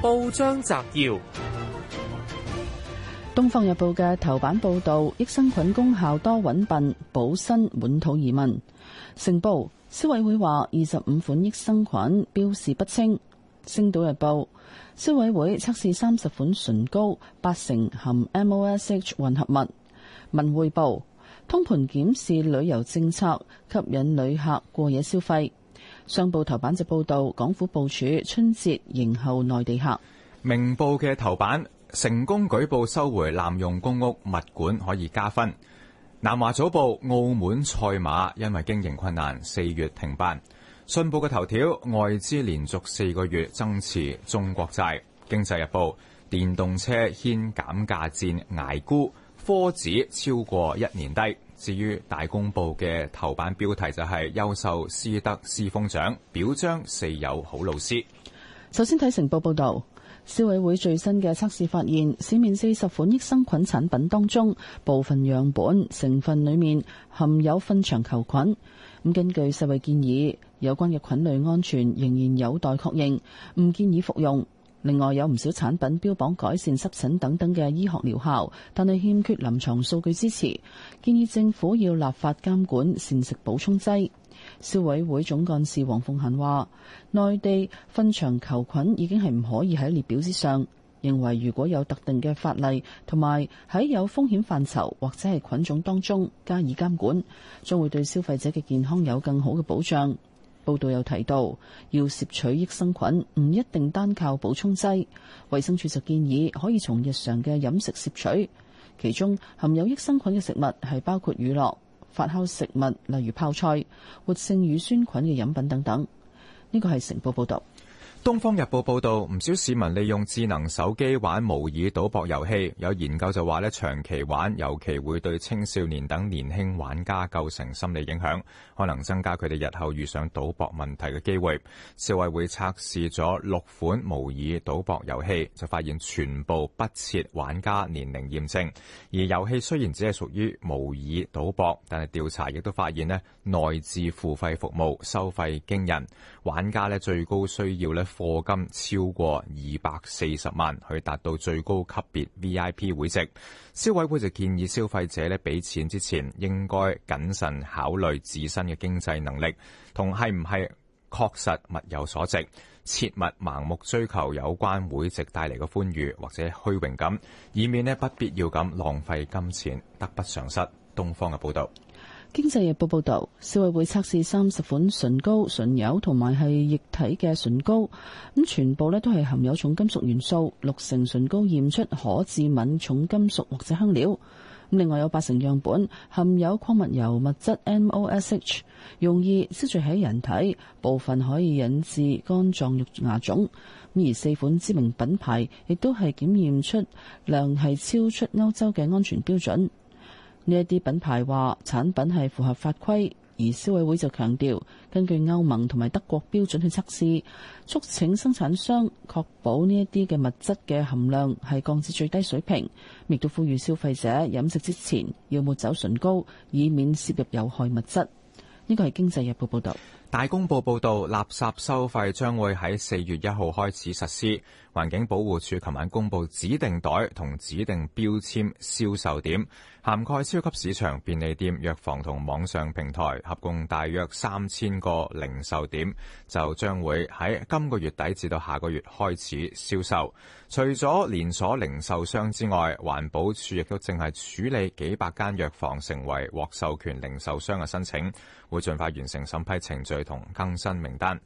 報章摘要：《東方日報》嘅頭版報道益生菌功效多揾笨，補身滿肚疑問。成報，消委會話二十五款益生菌標示不清。《星島日報》消委會測試三十款唇膏，八成含 MOSH 混合物。《文匯報》通盤檢視旅遊政策，吸引旅客過夜消費。上報頭版就報道，港府部署春節迎候內地客。明報嘅頭版成功舉報收回濫用公屋物管，可以加分。南華早報，澳門賽馬因為經營困難，四月停辦。信報嘅頭條，外資連續四個月增持中國債。經濟日報，電動車掀減價戰，捱沽，科指超過一年低。至於大公報嘅頭版標題就係、是、優秀師德師風獎表彰四有好老師。首先睇成報報導，消委會最新嘅測試發現，市面四十款益生菌產品當中，部分樣本成分裡面含有糞腸球菌。咁根據世衛建議，有關嘅菌類安全仍然有待確認，唔建議服用。另外有唔少產品標榜改善濕疹等等嘅醫學療效，但係欠缺臨床數據支持。建議政府要立法監管膳食補充劑。消委會總幹事黃鳳嫺話，內地分場求菌已經係唔可以喺列表之上。認為如果有特定嘅法例，同埋喺有風險範疇或者係菌種當中加以監管，將會對消費者嘅健康有更好嘅保障。報道有提到，要攝取益生菌唔一定單靠補充劑，衛生署就建議可以從日常嘅飲食攝取，其中含有益生菌嘅食物係包括乳酪、發酵食物，例如泡菜、活性乳酸菌嘅飲品等等。呢、這個係成報報道。《東方日報》報道，唔少市民利用智能手機玩模擬賭博遊戲。有研究就話咧，長期玩尤其會對青少年等年輕玩家構成心理影響，可能增加佢哋日後遇上賭博問題嘅機會。消委會測試咗六款模擬賭博遊戲，就發現全部不設玩家年齡驗證。而遊戲雖然只係屬於模擬賭博，但係調查亦都發現咧，內置付費服務收費驚人，玩家咧最高需要咧。課金超過二百四十萬，去達到最高級別 VIP 會籍。消委會就建議消費者咧，俾錢之前應該謹慎考慮自身嘅經濟能力，同係唔係確實物有所值，切勿盲目追求有關會籍帶嚟嘅歡愉或者虛榮感，以免呢不必要咁浪費金錢，得不償失。東方嘅報道。經濟日報報道，消委會會測試三十款唇膏、唇油同埋係液體嘅唇膏，咁全部咧都係含有重金屬元素，六成唇膏驗出可致敏重金屬或者香料，另外有八成樣本含有礦物油物質 MOSH，容易積聚喺人體，部分可以引致肝臟肉芽腫，而四款知名品牌亦都係檢驗出量係超出歐洲嘅安全標準。呢一啲品牌話產品係符合法規，而消委會就強調根據歐盟同埋德國標準去測試，促請生產商確保呢一啲嘅物質嘅含量係降至最低水平，亦都呼籲消費者飲食之前要抹走唇膏，以免攝入有害物質。呢個係經濟日報報道。大公報報道，垃圾收費將會喺四月一號開始實施。環境保護署琴晚公布指定袋同指定標籤銷售點，涵蓋超級市場、便利店、藥房同網上平台，合共大約三千個零售點，就將會喺今個月底至到下個月開始銷售。除咗連鎖零售商之外，環保署亦都淨係處理幾百間藥房成為獲授權零售商嘅申請，會盡快完成審批程序。同更新名單，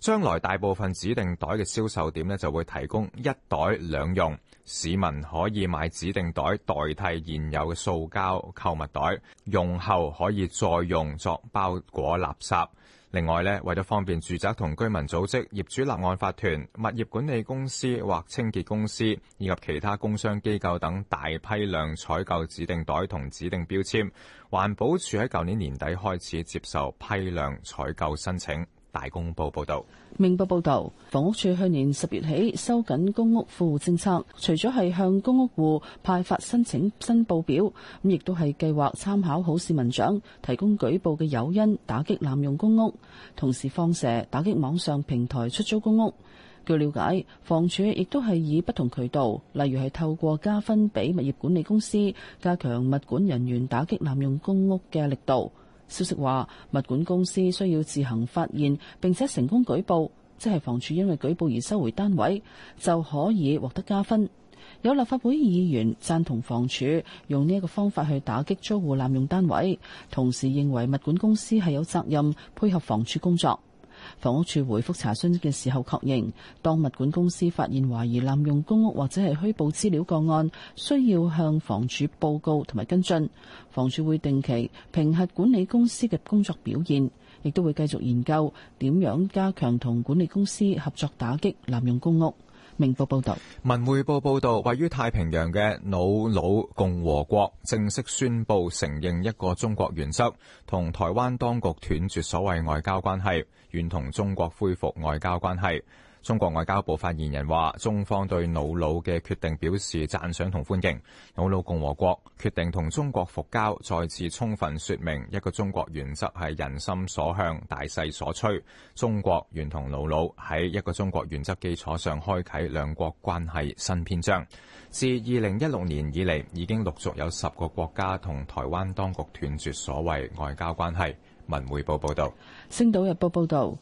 將來大部分指定袋嘅銷售點呢就會提供一袋兩用，市民可以買指定袋代替現有嘅塑膠購物袋，用後可以再用作包裹垃圾。另外咧，為咗方便住宅同居民組織、業主立案法團、物業管理公司或清潔公司，以及其他工商機構等大批量採購指定袋同指定標籤，環保署喺舊年年底開始接受批量採購申請。大公報報道，明報報道，房屋署去年十月起收緊公屋富戶政策，除咗係向公屋戶派發申請申報表，咁亦都係計劃參考好市民獎，提供舉報嘅誘因，打擊濫用公屋，同時放蛇打擊網上平台出租公屋。據了解，房署亦都係以不同渠道，例如係透過加分俾物業管理公司，加強物管人員打擊濫用公屋嘅力度。消息話，物管公司需要自行發現並且成功舉報，即係房署因為舉報而收回單位，就可以獲得加分。有立法會議員贊同房署用呢一個方法去打擊租戶濫用單位，同時認為物管公司係有責任配合房署工作。房屋署回覆查詢嘅時候確認，確認當物管公司發現懷疑濫用公屋或者係虛報資料個案，需要向房署報告同埋跟進。房署會定期評核管理公司嘅工作表現，亦都會繼續研究點樣加強同管理公司合作，打擊濫用公屋。明報報道，文匯報報道，位於太平洋嘅瑙魯共和國正式宣布承認一個中國原則，同台灣當局斷絕所謂外交關係，願同中國恢復外交關係。中國外交部發言人話：中方對瑙魯嘅決定表示讚賞同歡迎。瑙魯共和國決定同中國復交，再次充分說明一個中國原則係人心所向、大勢所趨。中國願同瑙魯喺一個中國原則基礎上開啟兩國關係新篇章。自二零一六年以嚟，已經陸續有十個國家同台灣當局斷絕所謂外交關係。文匯報報道。星島日報報道。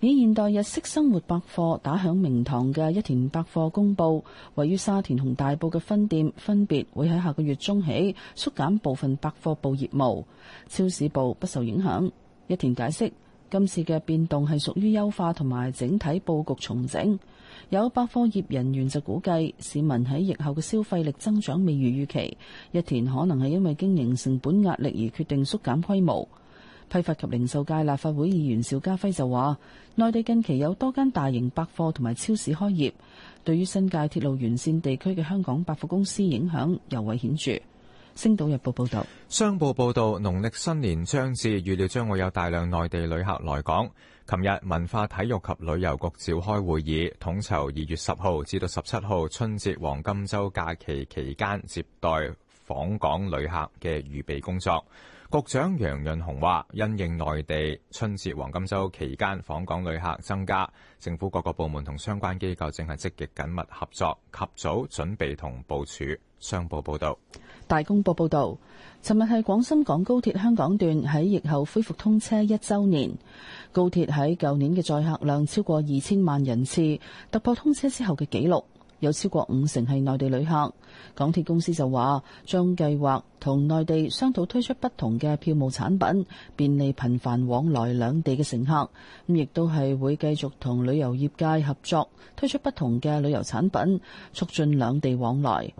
以現代日式生活百貨打響名堂嘅一田百貨公佈，位於沙田同大埔嘅分店分別會喺下個月中起縮減部分百貨部業務，超市部不受影響。一田解釋，今次嘅變動係屬於優化同埋整體佈局重整。有百貨業人員就估計，市民喺疫後嘅消費力增長未如預期，一田可能係因為經營成本壓力而決定縮減規模。批發及零售界立法會議員邵家輝就話，內地近期有多間大型百貨同埋超市開業，對於新界鐵路沿線地區嘅香港百貨公司影響尤為顯著。星島日報報道：「商報報道，農曆新年將至，預料將會有大量內地旅客來港。琴日文化體育及旅遊局召開會議，統籌二月十號至到十七號春節黃金週假期期間接待訪港旅客嘅預備工作。局長楊潤雄話，因應內地春節黃金周期間訪港旅客增加，政府各個部門同相關機構正係積極緊密合作，及早準備同部署。商報報道，大公報報道，尋日係廣深港高鐵香港段喺疫後恢復通車一周年，高鐵喺舊年嘅載客量超過二千萬人次，突破通車之後嘅紀錄。有超過五成係內地旅客，港鐵公司就話將計劃同內地商討推出不同嘅票務產品，便利頻繁往來兩地嘅乘客。咁亦都係會繼續同旅遊業界合作，推出不同嘅旅遊產品，促進兩地往來。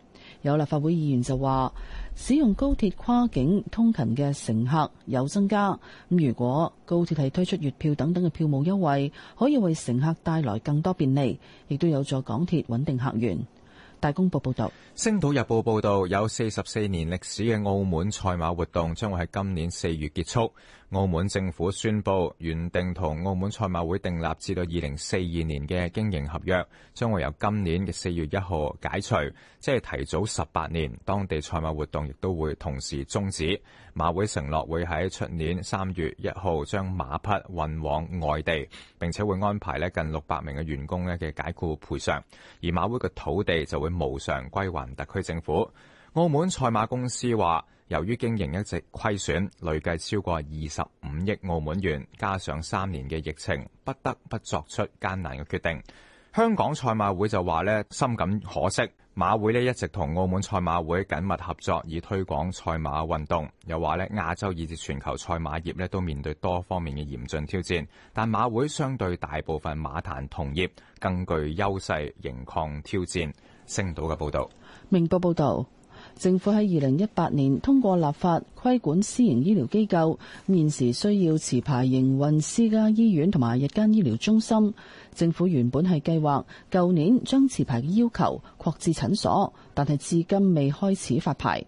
有立法會議員就話，使用高鐵跨境通勤嘅乘客有增加，咁如果高鐵係推出月票等等嘅票務優惠，可以為乘客帶來更多便利，亦都有助港鐵穩定客源。大公報報道。《星島日報》報道，有四十四年歷史嘅澳門賽馬活動將會喺今年四月結束。澳門政府宣佈，原定同澳門賽馬會訂立至到二零四二年嘅經營合約，將會由今年嘅四月一號解除，即係提早十八年，當地賽馬活動亦都會同時終止。馬會承諾會喺出年三月一號將馬匹運往外地，並且會安排呢近六百名嘅員工呢嘅解雇賠償，而馬會嘅土地就會無償歸還特區政府。澳門賽馬公司話，由於經營一直虧損，累計超過二十五億澳門元，加上三年嘅疫情，不得不作出艱難嘅決定。香港賽馬會就話呢，深感可惜。馬會呢一直同澳門賽馬會緊密合作，以推廣賽馬運動。又話呢，亞洲以至全球賽馬業咧都面對多方面嘅嚴峻挑戰，但馬會相對大部分馬壇同業更具優勢，迎抗挑戰。星島嘅報，報道，明報報道。政府喺二零一八年通過立法規管私營醫療機構，現時需要持牌營運私家醫院同埋日間醫療中心。政府原本係計劃舊年將持牌嘅要求擴至診所，但係至今未開始發牌。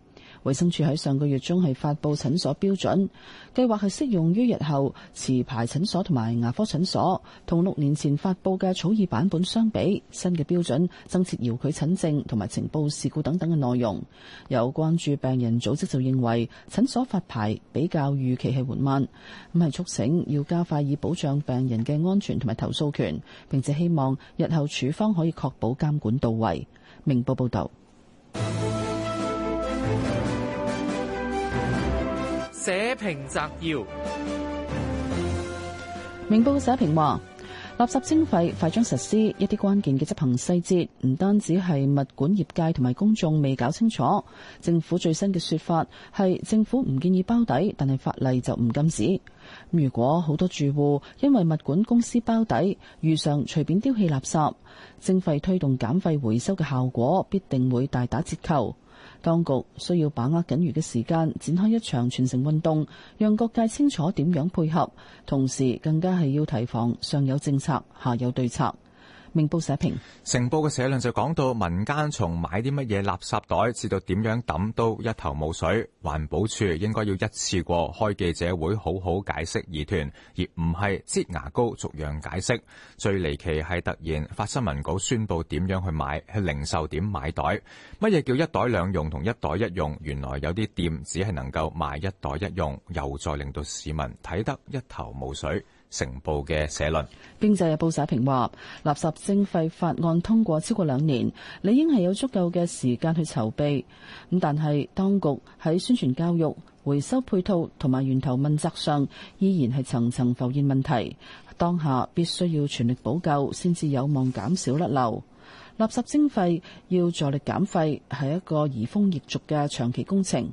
衛生署喺上個月中係發布診所標準計劃，係適用於日後持牌診所同埋牙科診所。同六年前發布嘅草擬版本相比，新嘅標準增設遙距診症同埋情報事故等等嘅內容。有關注病人組織就認為診所發牌比較預期係緩慢，咁係促請要加快，以保障病人嘅安全同埋投訴權，並且希望日後處方可以確保監管到位。明報報道。社評摘要，明報社評話，垃圾徵費快將實施一，一啲關鍵嘅執行細節唔單止係物管業界同埋公眾未搞清楚。政府最新嘅說法係，政府唔建議包底，但係法例就唔禁止。如果好多住戶因為物管公司包底，遇上隨便丟棄垃圾，徵費推動減廢回收嘅效果必定會大打折扣。當局需要把握僅餘嘅時間，展開一場全城運動，讓各界清楚點樣配合，同時更加係要提防上有政策，下有對策。明報社評，成報嘅社論就講到民間從買啲乜嘢垃圾袋至到點樣抌都一頭霧水，環保署應該要一次過開記者會好好解釋疑團，而唔係擠牙膏逐樣解釋。最離奇係突然發新聞稿宣布點樣去買，去零售點買袋，乜嘢叫一袋兩用同一袋一用？原來有啲店只係能夠買一袋一用，又再令到市民睇得一頭霧水。成報嘅社論，《經濟日報》社評話：垃圾徵費法案通過超過兩年，理應係有足夠嘅時間去籌備。咁但係，當局喺宣傳教育、回收配套同埋源頭問責上，依然係層層浮現問題。當下必須要全力補救，先至有望減少甩漏。垃圾徵費要助力減廢，係一個移風易俗嘅長期工程。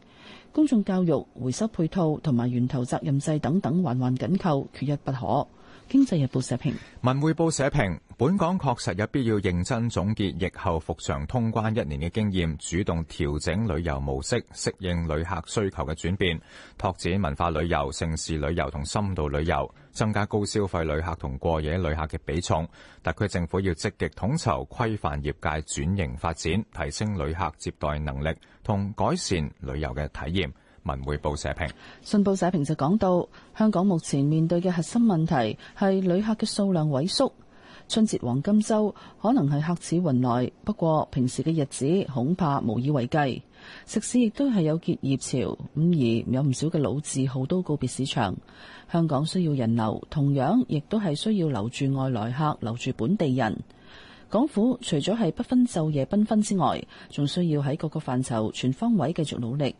公眾教育、回收配套同埋源頭責任制等等環環緊扣，缺一不可。經濟日報社評，文匯報社評：本港確實有必要認真總結疫後復常通關一年嘅經驗，主動調整旅遊模式，適應旅客需求嘅轉變，拓展文化旅遊、城市旅遊同深度旅遊，增加高消費旅客同過夜旅客嘅比重。特區政府要積極統籌規範業界轉型發展，提升旅客接待能力同改善旅遊嘅體驗。文匯報社評，信報社評就講到，香港目前面對嘅核心問題係旅客嘅數量萎縮。春節黃金周可能係客似雲來，不過平時嘅日子恐怕無以為繼。食肆亦都係有結業潮，咁而有唔少嘅老字號都告別市場。香港需要人流，同樣亦都係需要留住外來客，留住本地人。港府除咗係不分晝夜繽紛之外，仲需要喺各個範疇、全方位繼續努力。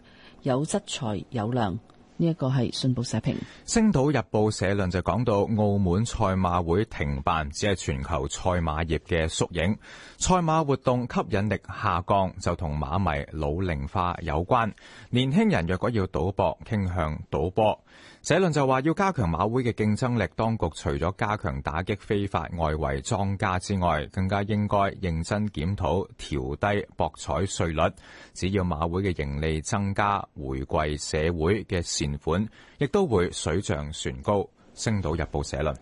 有質才有量，呢一個係信報社評。星島日報社論就講到，澳門賽馬會停辦，只係全球賽馬業嘅縮影。賽馬活動吸引力下降，就同馬迷老齡化有關。年輕人若果要賭博，傾向賭波。社論就話要加強馬會嘅競爭力，當局除咗加強打擊非法外圍莊家之外，更加應該認真檢討調低博彩稅率。只要馬會嘅盈利增加，回饋社會嘅善款，亦都會水漲船高。星島日報社論。